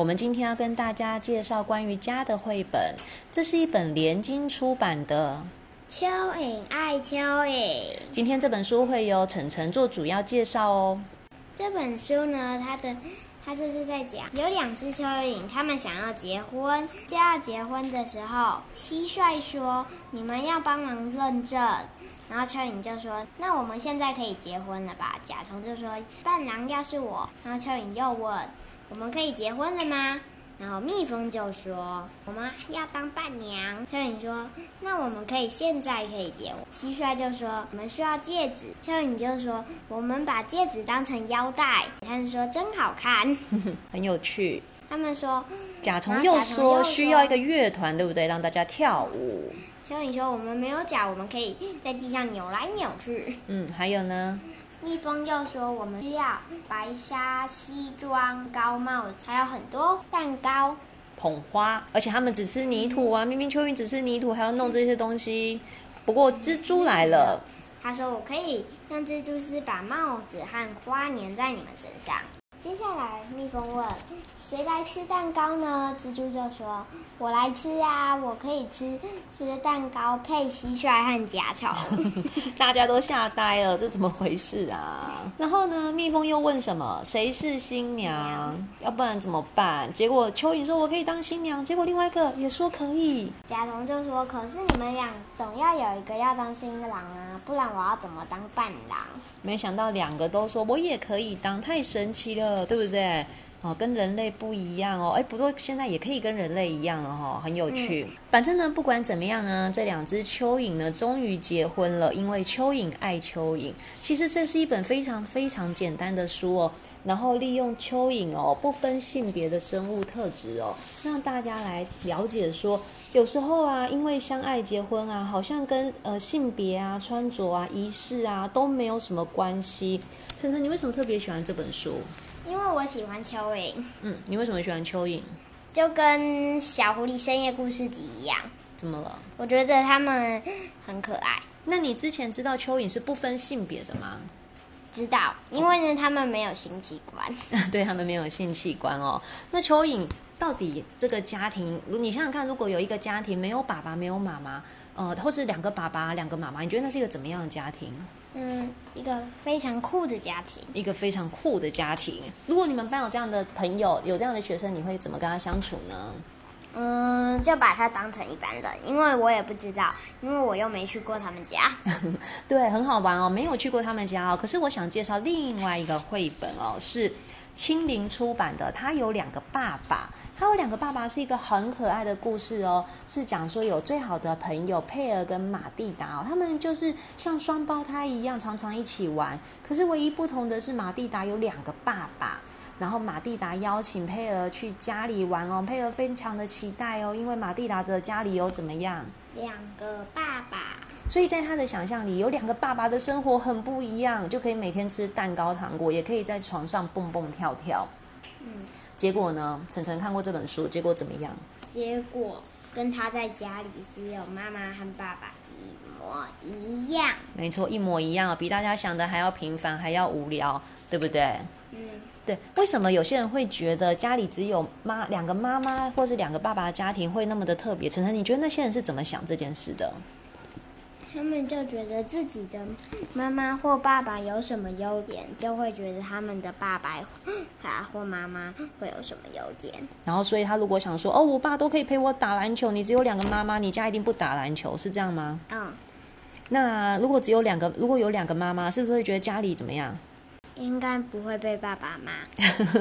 我們今天要跟大家介紹關於家的繪本，這是一本聯經出版的《蚯蚓愛蚯蚓》。今天這本書會由澄澄做主要介紹哦。這本書呢，它的它就是在講有兩隻蚯蚓，他們想要結婚。就要結婚的時候，蟋蟀說：“你們要幫忙認證。”然後蚯蚓就說：“那我們現在可以結婚了吧？”甲蟲就說：“伴郎要是我。”然後蚯蚓又問。我們可以結婚了嗎？然後蜜蜂就說，我們要當伴娘。蚯蚓說，那我們可以現在可以結婚。蟋蟀就說，我們需要戒指。蚯蚓就說，我們把戒指當成腰帶。他們說真好看， 很有趣。他們說甲蟲又說，又說需要一個樂團，對不對？讓大家跳舞。蚯蚓說，我們沒有腳，我們可以在地上扭來扭去。 嗯，還有呢？蜜蜂又說：“我們需要白紗西裝、高帽子，還有很多蛋糕、捧花。而且他們只吃泥土啊！明明蚯蚓只吃泥土，還要弄這些東西。不過蜘蛛來了，他說：‘我可以讓蜘蛛絲把帽子和花粘在你們身上。’”接下來，蜜蜂問：“誰來吃蛋糕呢？”蜘蛛就說：“我來吃呀，啊，我可以吃吃蛋糕配蟋蟀和甲蟲。” 大家都嚇呆了，這怎麼回事啊？ 然後呢，蜜蜂又問：“什麼？誰是新娘？新娘要不然怎麼辦？”結果蚯蚓說：“我可以當新娘。”結果另外一個也說可以。嗯、甲蟲就說：“可是你們倆總要有一個要當新郎啊。”不然我要怎麼當伴郎？沒想到兩個都說我也可以當，太神奇了，對不對？哦，跟人類不一樣哦，哎，不過現在也可以跟人類一樣了、哦、哈，很有趣。嗯、反正呢，不管怎麼樣呢，這兩隻蚯蚓呢，終於結婚了，因為蚯蚓愛蚯蚓。其實這是一本非常非常簡單的書哦，然後利用蚯蚓哦，不分性別的生物特質哦，讓大家來了解說，有時候啊，因為相愛結婚啊，好像跟呃性別啊、穿着啊、儀式啊都沒有什麼關係。澄澄，你為什麼特別喜歡這本書？因為我喜歡蚯蚓。嗯，你為什麼喜歡蚯蚓？就跟小狐狸深夜故事集一樣。怎麼了？我覺得他們很可愛。那你之前知道蚯蚓是不分性別的嗎？知道，因為呢，他們沒有性器官。哦。 對，他們沒有性器官哦。那蚯蚓到底這個家庭，你想想看，如果有一個家庭沒有爸爸沒有媽媽，呃，或是兩個爸爸兩個媽媽，你覺得那是一個怎麼樣的家庭？嗯，一個非常酷的家庭，一個非常酷的家庭。如果你們班有這樣的朋友，有這樣的學生，你會怎麼跟他相處呢？嗯，就把他當成一般的。因為我也不知道，因為我又沒去過他們家。 對，很好玩哦，沒有去過他們家哦。可是我想介紹另外一個繪本哦，是。青林出版的，她有兩個爸爸，她有兩個爸爸，是一個很可愛的故事哦。是講說有最好的朋友佩兒跟馬蒂達、哦、他們就是像雙胞胎一樣，常常一起玩。可是唯一不同的是，馬蒂達有兩個爸爸。然後馬蒂達邀請佩兒去家裡玩哦，佩兒非常的期待哦，因為馬蒂達的家裡有怎麼樣？兩個爸爸。所以在他的想象裡，有兩個爸爸的生活很不一樣，就可以每天吃蛋糕、糖果，也可以在床上蹦蹦跳跳。嗯，結果呢？澄澄看過這本書，結果怎麼樣？結果跟他在家裡只有媽媽和爸爸一模一樣。沒錯，一模一樣，比大家想的還要平凡，還要無聊，對不對？嗯，對。為什麼有些人會覺得家裡只有媽兩個媽媽，或是兩個爸爸的家庭會那麼的特別？澄澄，你覺得那些人是怎麼想這件事的？他們就覺得自己的媽媽或爸爸有什麼優點，就會覺得他們的爸爸啊或媽媽會有什麼優點。然後，所以他如果想說哦，我爸都可以陪我打籃球，你只有兩個媽媽，你家一定不打籃球，是這樣嗎？嗯。那如果只有兩個，如果有兩個媽媽，是不是會覺得家裡怎麼樣？應該不會被爸爸罵。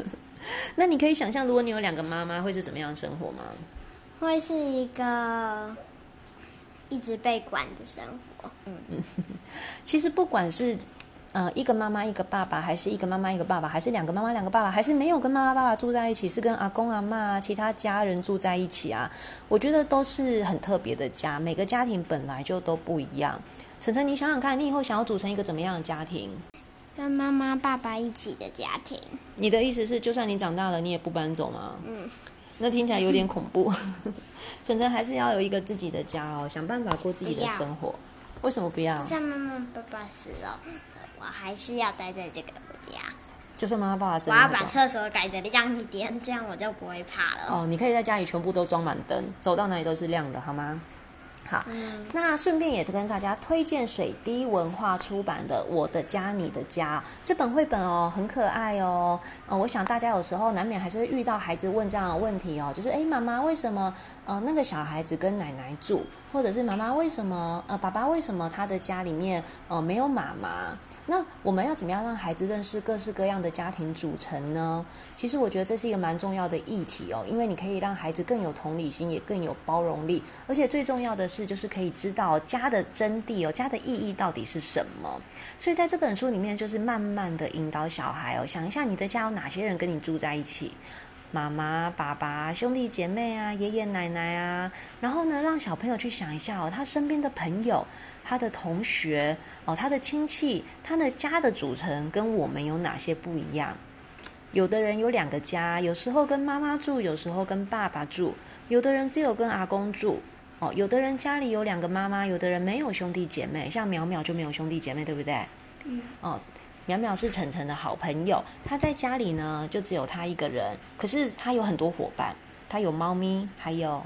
那你可以想象，如果你有兩個媽媽，會是怎麼樣的生活嗎？會是一個。一直被管的生活，嗯，其實不管是，呃，一個媽媽一個爸爸，還是一個媽媽一個爸爸，還是兩個媽媽兩個爸爸，還是沒有跟媽媽爸爸住在一起，是跟阿公阿嬤其他家人住在一起啊，我覺得都是很特別的家。每個家庭本來就都不一樣。澄澄，你想想看，你以後想要組成一個怎麼樣的家庭？跟媽媽爸爸一起的家庭。你的意思是，就算你長大了，你也不搬走嗎？嗯。那聽起來有點恐怖，反正還是要有一個自己的家哦，想辦法過自己的生活。要為什麼不要？像媽媽爸爸死了，我還是要待在這個家。就算媽媽爸爸死，我要把廁所改得亮一點，這樣我就不會怕了。哦，你可以在家裡全部都裝滿燈，走到哪裡都是亮的，好嗎？好，那順便也跟大家推薦水滴文化出版的《我的家，你的家》這本繪本哦，很可愛哦，呃，我想大家有時候難免還是會遇到孩子問這樣的問題哦，就是哎，媽媽為什麼呃那個小孩子跟奶奶住，或者是媽媽為什麼呃爸爸為什麼他的家裡面哦，呃，沒有媽媽？那我們要怎麼樣讓孩子認識各式各樣的家庭組成呢？其實我覺得這是一個蠻重要的議題哦，因為你可以讓孩子更有同理心，也更有包容力，而且最重要的是。就是可以知道家的真諦哦，家的意義到底是什麼？所以在這本書裡面，就是慢慢的引導小孩哦，想一下你的家有哪些人跟你住在一起，媽媽、爸爸、兄弟姐妹啊、爺爺奶奶啊，然後呢，讓小朋友去想一下哦，他身邊的朋友、他的同學哦、他的親戚，他的家的組成跟我們有哪些不一樣？有的人有兩個家，有時候跟媽媽住，有時候跟爸爸住；有的人只有跟阿公住。哦，有的人家裡有兩個媽媽，有的人沒有兄弟姐妹，像淼淼就沒有兄弟姐妹，對不對？嗯。哦，淼淼是澄澄的好朋友，她在家裡呢，就只有她一個人，可是她有很多夥伴，她有貓咪，還有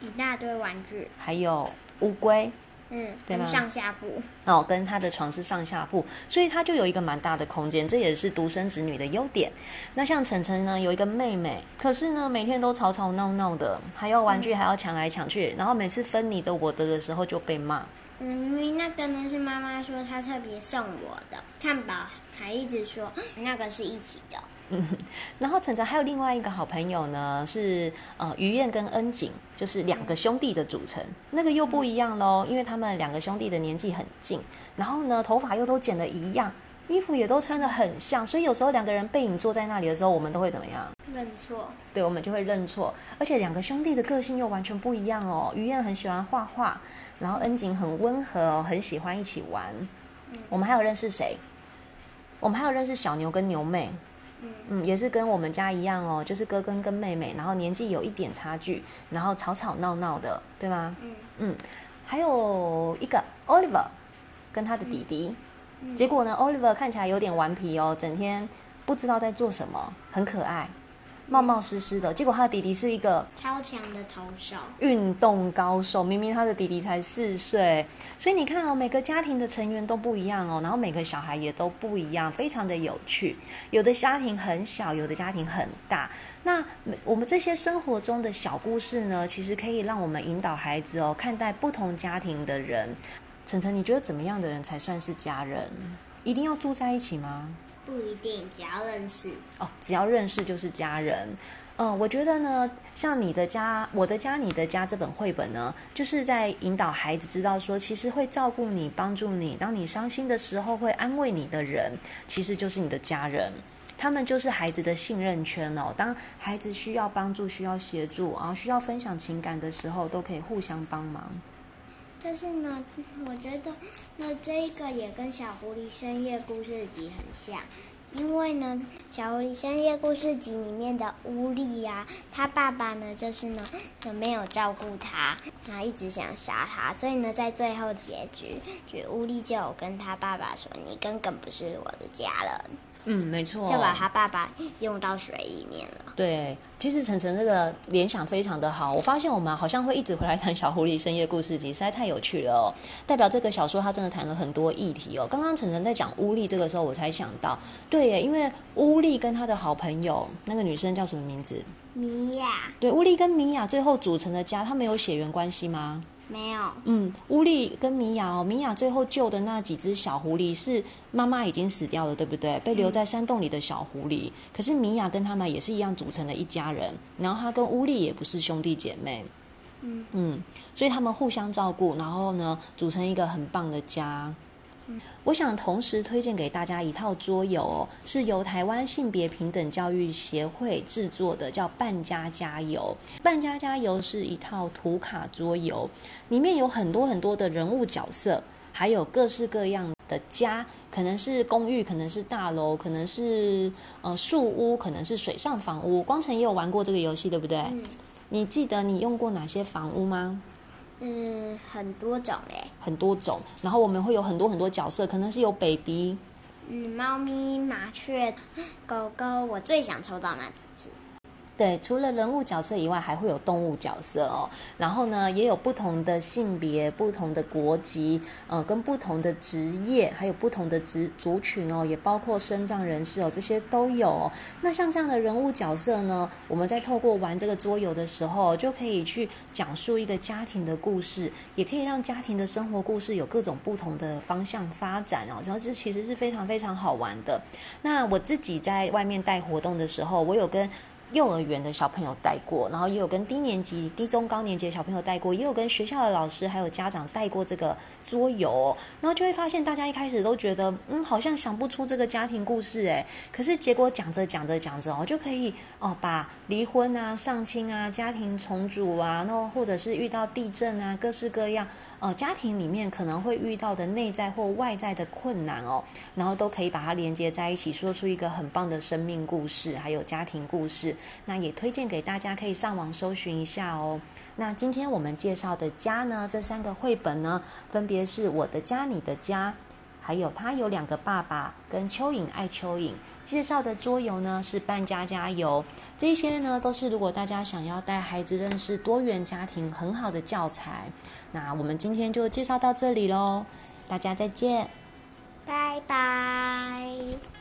一大堆玩具，還有烏龜。嗯，對嗎？上下鋪哦，跟他的床是上下鋪，所以他就有一個蠻大的空間，這也是獨生子女的優點。那像澄澄呢，有一個妹妹，可是呢，每天都吵吵鬧鬧的，還要玩具，還要搶來搶去，嗯、然後每次分你的我的的時候就被罵。嗯，因為那個呢是媽媽說她特別送我的，看寶還一直說那個是一起的。嗯， 然後澄澄還有另外一個好朋友呢，是呃於燕跟恩景，就是兩個兄弟的組成。嗯、那個又不一樣嘍，因為他們兩個兄弟的年紀很近，然後呢頭髮又都剪得一樣，衣服也都穿的很像，所以有時候兩個人背影坐在那裡的時候，我們都會怎麼樣？認錯。對，我們就會認錯。而且兩個兄弟的個性又完全不一樣哦。於燕很喜歡畫畫，然後恩景很溫和哦，很喜歡一起玩。嗯、我們還有認識誰？我們還有認識小牛跟牛妹。嗯嗯，也是跟我們家一樣哦，就是哥哥跟妹妹，然後年紀有一點差距，然後吵吵鬧鬧的，對嗎？嗯嗯，還有一個 Oliver，跟他的弟弟，嗯嗯、結果呢，Oliver 看起來有點頑皮哦，整天不知道在做什麼，很可愛。冒冒失失的，結果他的弟弟是一個超強的投手，運動高手。明明他的弟弟才四歲，所以你看哦，每個家庭的成員都不一樣哦，然後每個小孩也都不一樣，非常的有趣。有的家庭很小，有的家庭很大。那我們這些生活中的小故事呢，其實可以讓我們引導孩子哦，看待不同家庭的人。澄澄，你覺得怎麼樣的人才算是家人？一定要住在一起嗎？不一定，只要認識哦，只要認識就是家人。嗯，我覺得呢，像你的家、我的家、你的家這本繪本呢，就是在引導孩子知道說，其實會照顧你、幫助你、當你傷心的時候會安慰你的人，其實就是你的家人，他們就是孩子的信任圈哦。當孩子需要幫助、需要協助啊、然後需要分享情感的時候，都可以互相幫忙。就是呢，我覺得那這個也跟《小狐狸深夜故事集》很像，因為呢，《小狐狸深夜故事集》裡面的烏力呀、啊，他爸爸呢，就是呢，有沒有照顧他，他一直想殺他，所以呢，在最後結局，就烏力就跟他爸爸說：“你根本不是我的家人。”嗯，沒錯，就把他爸爸用到水裡面了。對。其實晨晨這個聯想非常的好，我發現我們好像會一直回來談《小狐狸深夜故事集》，實在太有趣了哦。代表這個小說，他真的談了很多議題哦。剛剛晨晨在講烏力這個時候，我才想到，對耶，因為烏力跟他的好朋友那個女生叫什麼名字？米婭亞。對，烏力跟米婭最後組成的家，他沒有血緣關係嗎？沒有。嗯，烏利跟米婭哦，米婭最後救的那幾只小狐狸是媽媽已經死掉了，對不對？被留在山洞裡的小狐狸，嗯，可是米婭跟他們也是一樣組成了一家人。然後他跟烏利也不是兄弟姐妹。嗯嗯，所以他們互相照顧，然後呢，組成一個很棒的家。我想同時推薦給大家一套桌遊，哦，是由台灣性別平等教育協會制作的，叫《扮家家遊》。《扮家家遊》是一套圖卡桌遊，裡面有很多很多的人物角色，還有各式各樣的家，可能是公寓，可能是大樓，可能是呃樹屋，可能是水上房屋。光晨也有玩過這個遊戲，對不對？嗯，你記得你用過哪些房屋嗎？嗯，很多種嘞、欸，很多種，然後我們會有很多很多角色，可能是有 baby，嗯，貓咪、麻雀、狗狗，我最想抽到哪隻？對，除了人物角色以外，還會有動物角色哦。然後呢，也有不同的性別、不同的國籍，呃，跟不同的職業，還有不同的族族群哦，也包括身障人士哦，這些都有哦。那像這樣的人物角色呢，我們在透過玩這個桌遊的時候，就可以去講述一個家庭的故事，也可以讓家庭的生活故事有各種不同的方向發展哦。然後這其實是非常非常好玩的。那我自己在外面帶活動的時候，我有跟幼兒園的小朋友帶過，然後也有跟低年級、低中高年級的小朋友帶過，也有跟學校的老師還有家長帶過這個桌遊，然後就會發現大家一開始都覺得，嗯，好像想不出這個家庭故事哎，可是結果講着講着講着哦，就可以哦，把離婚啊、喪親啊、家庭重組啊，然後或者是遇到地震啊，各式各樣。呃、哦，家庭裡面可能會遇到的內在或外在的困難哦，然後都可以把它連接在一起，說出一個很棒的生命故事，還有家庭故事。那也推薦給大家，可以上網搜尋一下哦。那今天我們介紹的家呢，這三個繪本呢，分別是《我的家你的家》，還有《她有兩個爸爸》跟《蚯蚓愛蚯蚓》。介紹的桌遊呢，是《扮家家遊》，這些呢都是如果大家想要帶孩子認識多元家庭很好的教材。那我們今天就介紹到這裡嘍，大家再見，拜拜。